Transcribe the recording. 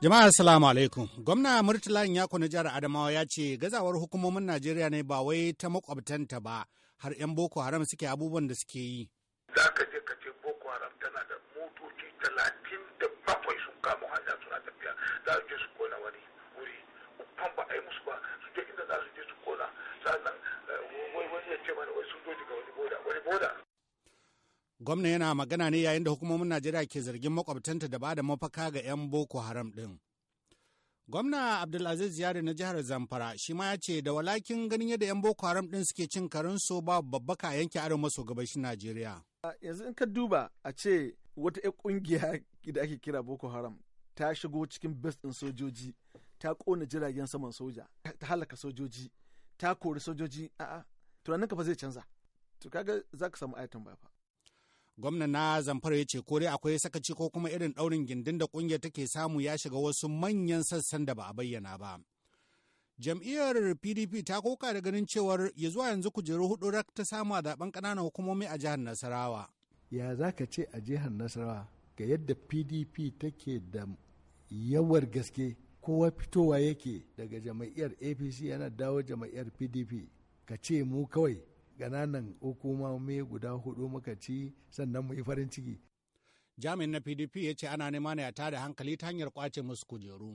Jama'a assalamu alaikum. Gwamna Murtala Nyako na jihar Adamawa ya ce gazawar hukumomin Najeriya ne ba wai ta makwabtanta ba har 'yan Boko Haram suke abubuwan da suke yi. Za ka je ka ce Boko Haram tana da motoci talatin da bakwai sun kama hanya suna tafiya za su je su kona wani wuri. Kwan ba a yi musu ba su je inda za su je su kona. Sannan eh, wani ya ce mana wai sun zo daga wani boda wani boda Gwamna yana magana ne yayin da hukumomin Najeriya ke zargin makwabtanta da ba da mafaka ga 'yan Boko Haram ɗin. Gwamna Abdulaziz Yari na jihar Zamfara shi ma ya ce da walakin ganin yadda 'yan Boko Haram ɗin suke cin karin so ba babbaka a yanke arewa maso gabashin Najeriya. Yanzu in ka duba a ce wata 'yan kungiya da ake kira Boko Haram ta shigo cikin bas ɗin sojoji ta kona jiragen saman soja ta halaka sojoji ta kori sojoji a'a tunanin ka fa zai canza to kaga za ka samu ayatan ba gwamna na zamfara ya ce ko dai akwai sakaci ko kuma irin daurin gindin da kungiyar take samu ya shiga wasu manyan sassan da ba a bayyana ba jam'iyyar pdp ta koka da ganin cewar ya zuwa yanzu kujeru hudu rak ta samu a zaben kananan hukumomi a jihar nasarawa ya za ka ce a jihar nasarawa ga yadda pdp take da yawar gaske kowa fitowa yake daga jam'iyyar apc yana dawo jam'iyyar pdp ka ce mu kawai ƙananan hukumomi guda hudu muka ci sannan mu yi farin ciki jami'in na pdp ya ce ana nema ne a tada hankali ta hanyar kwace musu kujeru